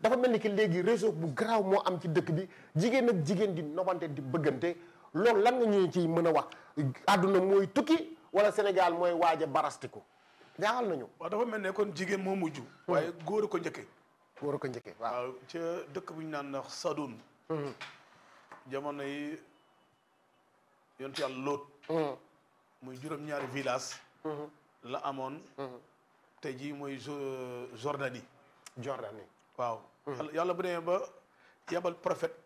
dafa mel ni que léegi réseau bu garaaw moo am ci dëkk bi jigéen ak jigéen di nobante di bëggante loolu lan nga ñuy ci mën a wax àdduna mooy tukki wala Sénégal mooy waaj a barastiku jaaxal nañu. waaw dafa mel ne kon jigéen moo mujj. Hmm. waaye góor a ko njëkkee. góor a ko njëkkee waaw. waaw dëkk bu ñu naan sadoun hmm. jamono yontu yàlla lóot mm-hmm. muy juróom-ñaari village mm-hmm. la amoon mm-hmm. tey jii mooy Jordanie Jordanie waaw yàlla bu demee ba yabal prophète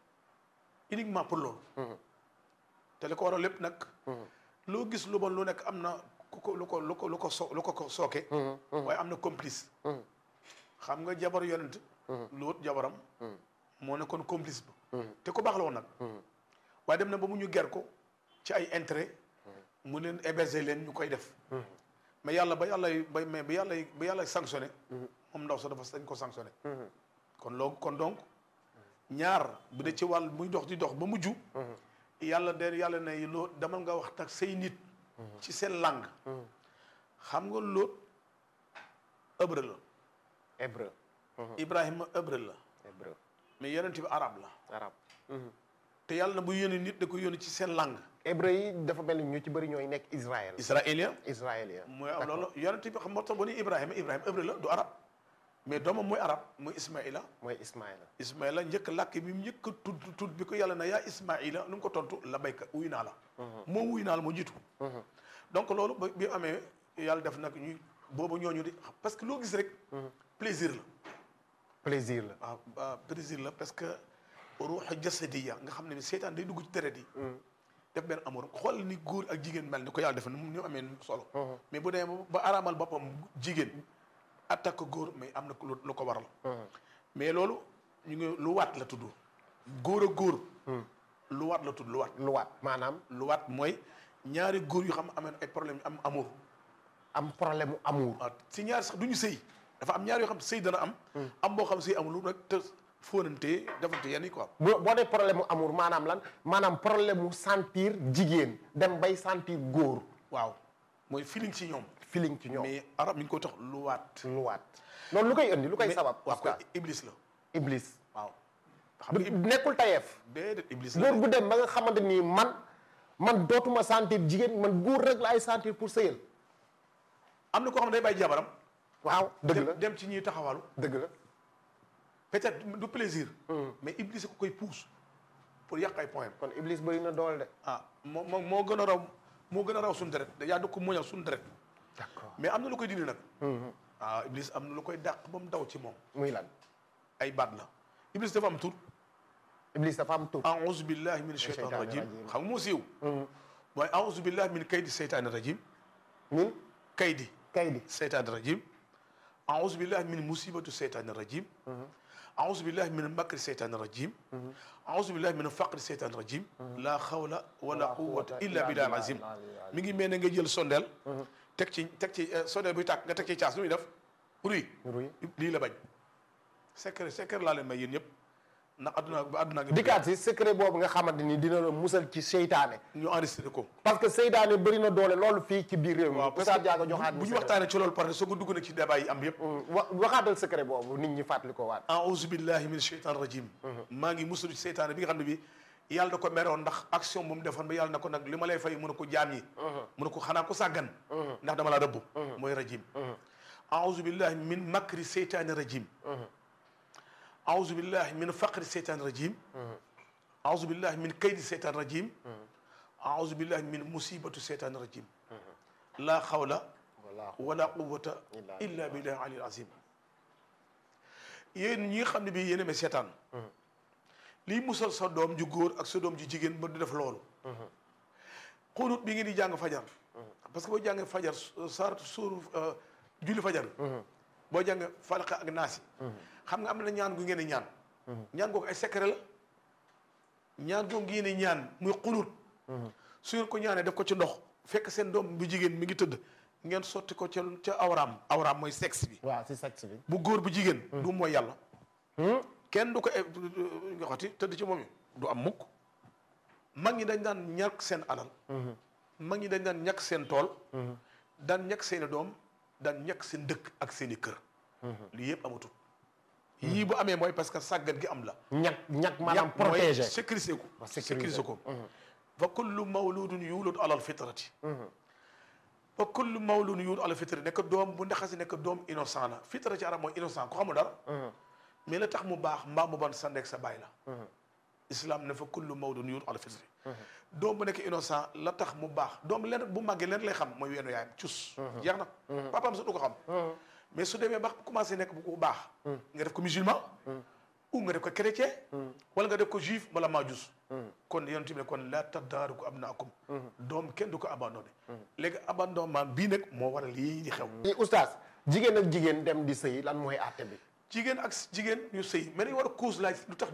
uniquement pour loolu te li ko waral lépp nag loo gis lu bon lu nekk am na ku ko lu ko ko sooke waaye am na complice xam nga jabar yonent loot jabaram moo nekkoon complice ba te ko baax la nag waaye dem na ba mu ñu ger ko ci ay intérêt mu leen héberger leen ñu koy def mais yàlla ba yàlla ba mais ba yàlla ba yàlla sanctionné moom ndaw sa dafa dañ ko sanctionné kon loolu kon donc ñaar bu dee ci wàll muy dox di dox ba mujj yàlla de yàlla ne loo demal nga wax tak say nit ci seen langue xam nga loot hébreu la hébreu ibrahima hébreu la mais yonent bi arab la te yàlla na bu yónni nit da ko yónni ci seen langue. hébreu yi dafa mel ni ñu ci bëri ñooy nekk Israël. israélien israélien. mooy am loolu yonent bi xam moo tax bu ni Ibrahima Ibrahima hébreu la du arab mais doomam mooy arab mooy Ismaïla. mooy Ismaïla. Ismaïla njëkk làkk bi mu njëkk a tudd tudd bi ko yàlla na yaa Ismaïla lu mu ko tontu la béykat wuy naa la. Mhm. moom wuy naa la moo jiitu. Mhm. donc loolu ba bi amee yàlla def nag ñuy boobu ñooñu di parce que loo gis rek. Mhm. plaisir la. plaisir la ah, ah, ruuxa jasadiya nga xam ne seytaan day dugg ci deret yi hmm. def benn amour xool ni góor ak jigéen mel ni ko yàlla defe na mu amee solo hmm. mais bu demee ba araamal boppam jigéen attaque góor mais am na lu ko waral hmm. mais loolu ñu ngi lu waat la tudd góor a góor lu waat la tudd lu waat maanaam lu waat mooy ñaari góor yu xam amee ay problème am amour am problème mu amour si ñaari sax du ñu sëy dafa am ñaari yoo xam sëy dana am am boo xam sëy amul rek te fóonante defante yenn ko quoi. boo boo dee problème mu amour maanaam lan maanaam problème mu sentir jigéen dem bay sentir góor. waaw mooy feeling ci ñoom. feeling ci ñoom mais arab mi ngi ko tax luwaat. luwaat loolu lu koy indi lu koy sabab. parce que iblis la. iblis waaw. xam nga nekkul tayeef. déedéet iblis la góor bu dem ba nga xamante ni man man dootuma sentir jigéen man góor rek la ay sentir pour sëyal. am na koo xam ne day bàyyi jabaram. waaw dëgg la dem ci ñiy taxawalu dëgg la. peut-être du plaisir. Hmm. mais Iblis ko koy pousse pour yàq ay points. kon Iblis bëri na doole de. ah moo moo moo gën a raw moo gën a raw suñu deret yaa da ko muñal suñu deret. d'accord mais am na lu koy dindi nag. Hmm. ah Iblis am na lu koy dàq ba mu daw ci moom. muy lan ay baat la Iblis dafa am tur. Iblis dafa am tur. a'uuzu billahi min shaytaani rajim xam nga moo siiw. mooy hmm. a'uuzu billahi min kaydi seytaani rajim. min kaydi. kaydi seytaani rajim. a'uuzu billahi min musibatu seytaani rajim. aouzu billahi min makri seytaani rajim mhm. aouzu billahi min faqri seytaani rajim mhm. laa xawla wala quwwata illa billahi alazim mi ngi mel ne nga jël sondeel mhm. teg ci teg ci eh, sondeel buy tàkk nga teg ci caas lu muy def ruy lii la bañ secret secret laa leen may yéen ñëpp ndax adduna ba adduna ak. dikkaat nga xamante ni dina la musal ci seytaane. ñu enregistré ko. parce que seytaane doole loolu fii ci biir réew mi. waaw bu ñu waxtaanee ci loolu pare soo ko dugg nag ci débat yi am yëpp. Mm, waxaatal secret boobu nit ñi fàttali ko waat. auzu billahi min sheytaan rajim. Mm-hmm. maa ngi musalu ci seytaane bi nga xam ne bi yàlla da ko meroon ndax action bu mu defoon ba yàlla na ko nag li ma lay fay mën a ko jaam yi. mën mm-hmm. a ko xanaa ko saggan mm-hmm. ndax dama laa rëbb. mooy rajim. auzu billahi min makri seytaani rajim أعوذ بالله من فقر الشيطان الرجيم أعوذ بالله من كيد الشيطان الرجيم أعوذ بالله من مصيبة الشيطان الرجيم لا حول ولا قوة إلا بالله ñi xam ne bi yéen may seetaan lii musal sa doom ju góor ak sa doom ju jigéen ba di def loolu xunut bi ngeen di jàng fajar parce que boo jàngee fajar saar suur julli fajar boo jàngee falqa ak naasi xam nga am na ñaan gu ngeen di ñaan. Mm-hmm. ñaan googu ay secret la ñaan googu ngeen di ñaan muy xunuut. Mm-hmm. su ngeen ko ñaanee def ko ci ndox. fekk seen doom bu jigéen mi ngi tëdd ngeen sotti ko ca ca awraam awraam mooy sexe bi. waaw si sexe bu góor bu jigéen. Mm-hmm. du mooy yàlla. kenn du ko nga eh, xati tëdd ci moom yi du am mukk mag ñi dañ daan ñàkk seen alal. mag ñi dañ daan ñàkk seen tool. daan ñàkk seen doom daan ñàkk seen dëkk ak seen i kër. lii yëpp amatul. yii bu amee mooy parce que sàggat gi am la. ñàkk ñàkk maanaam protégé mooy sécurisé ko. sécurisé ko fa mhm. kullu mawludun yuuladu alal fitrati. fa mhm. kullu mawludun yuuladu alal fitrati nekk doom bu ndaxasi nekk doom innocent la fitrati arab mooy innocent ku xamul dara. Mhm. mais la tax mu baax mbaa mu bon sa ndek sa baay la. islam ne fa kullu mawludun yuuladu alal fitrati. doom bu nekk innocent la tax mu baax doom lenn bu màggee lenn lay xam mooy weenu yaayam cus. jeex na papaam sax du xam. mais su demee ba commencé nekk bu ko baax. nga def ko musulman. ou nga def ko chrétien. wala nga def ko juif wala maajus. kon yonent bi kon ta daar ko am naa ko. doom kenn du ko abandonné. léegi abandonnement bii nag moo war a lii di xew. lii oustaz jigéen ak jigéen dem di sëy lan mooy àtte bi. jigéen ak jigéen ñu sëy mais war a cause laaj lu tax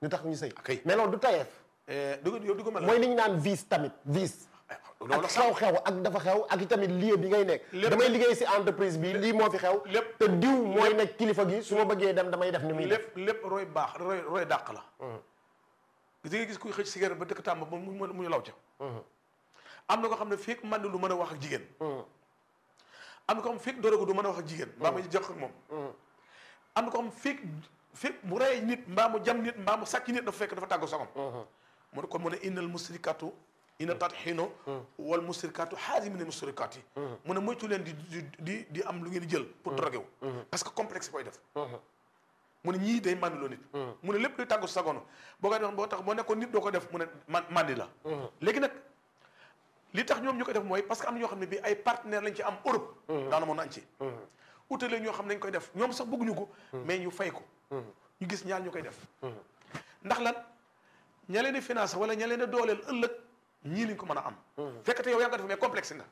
ñu tax ñu sëy mais loolu du tayeef. Eh, du ko ko mel. mooy li ñu naan vice tamit vice. ak xew-xew ak dafa xew ak itamit lieu bi ngay nekk damay liggéey si entreprise bi lii moo fi xew lépp te diw mooy nekk kilifa gi su ma bëggee dem damay def ni muy lépp lépp roy baax roy roy dàq la mm-hmm. gis nga gis kuy xëcc ba dëkk tàmba ba mu mu ñu law ca mm-hmm. am na ko xam ne fekk man du mën a wax ak jigéen mm-hmm. am na ko mën a wax jigéen mbaa ma jox moom am na ko xam bu rey nit mbaa mu jam nit mbaa mu sàcc nit dafa fekk dafa tàggu sagom mu ne ina mm. tat xino mm. wal musrikaatu xaasi mi ne musrikaat yi mm. mu ne moytu leen di am lu ngeen jël pour drogué wu parce que complexe koy def mu ne ñii day màndi loo nit mu ne lépp luy tàggu sagono boo koy doon boo tax boo nekkoon nit doo ko def mu ne màndi la léegi nag li tax ñoom ñu koy def mooy parce que am na ñoo xam ne bii ay partenaire lañ ci am Europe dans le monde entier utale ñoo xam ne dañ koy def ñoom sax bëgguñu ko mais ñu fay ko ñu gis ñaar ñu koy def ndax lan ña leen di wala ña leen di ñii lañ ko mën a am fekkate yow yaa nga def mais complexe nga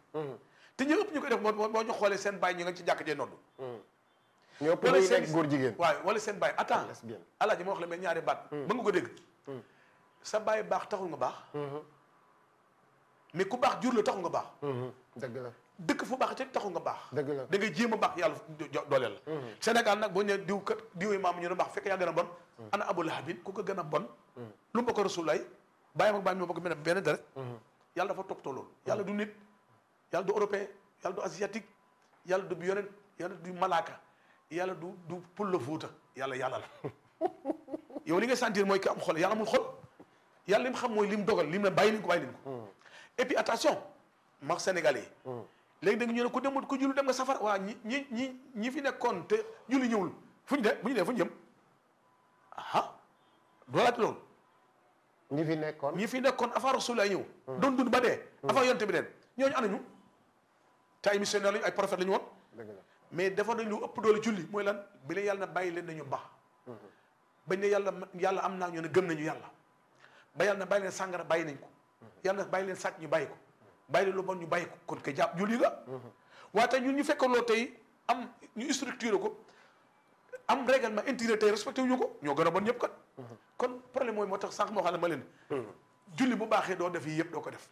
te ñu ëpp ñu koy def moo moo ñu xoolee seen bàyyi ñu nga ci jàkk jee noddu ñoo ëpp ñuy góor jigéen waaw wala seen bàyyi attends ji ma wax la mais ñaari baat mën nga ko dégg sa bàyyi baax taxul nga baax mais ku baax jur la taxul nga baax dëgg la dëkk fu te taxul nga baax dëgg da ngay jéem a baax yàlla dooleel la Sénégal nag boo ne diw ka diw yi maam ñu ne baax fekk yaa gën a bon ana abou lahabin ku ko gën a bon lu mu bokk rasulaay bàyyi ma bàyyi ma bokk mel ne benn deret mhm. yàlla dafa toppatoo loolu yàlla du nit yàlla du européen yàlla du asiatique yàlla du yonent yàlla du malaaka yàlla du du pulla fuuta yàlla yàlla la yow li nga sentir mooy ki am xol yàlla mu xol yàlla li mu xam mooy li dogal li mu ne bàyyi leen ko bàyyi leen ko mhm. et puis attention max sénégalais yi mhm. léegi nga ñu ne ku demul ku julli dem nga safar waa ñi ñi ñi ñi fi nekkoon te fu ñu de bu ñu dee fu ñu jëm aha doolaat loolu ñi fi nekkoon ñi fi nekkoon avant rasul ay ñëw. Hmm. doon dund ba dee. Hmm. avant yonte bi leen ñooñu anañu te ay missionnaire lañu ay prophète lañu woon. mais dafa nañ lu ëpp doole julli mooy lan bi leen yàlla bàyyi leen nañu baax. Hmm. bañ ne yàlla yàlla am naa ñu ne gëm nañu yàlla ba yàlla na bàyyi leen sàngara bàyyi nañ ko. yàlla na bàyyi leen sàcc ñu bàyyi ko bàyyi leen lu bon ñu bàyyi ko kon kay jàpp julli la. waaye tey ñun ñu fekkoon loo tey am ñu structuré ko am règlement intérieur tey respecté ñu ko ñoo gën a bon ñëpp kat. kon problème mooy moo tax sànq moo xam ma leen. julli bu baaxee doo def yii yëpp doo ko def.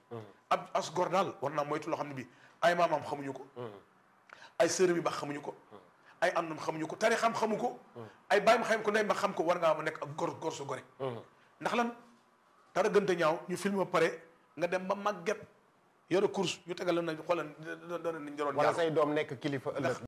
ab as gor daal war naa moytu loo xam ne bii ay maamaam xamuñu ko. ay sërëm yu baax xamuñu ko. ay am nam xamuñu ko tari xam ko. ay bàyyam xam ko ndey ma xam ko war ngaa ma nekk ak gor gor su gore. ndax lan tara dara gënta ñaaw ñu film ba pare nga dem ba màgget yore course ñu tegal la nañ xoolal doon nañ. jaroon wala say doom nekk kilifa ëllëg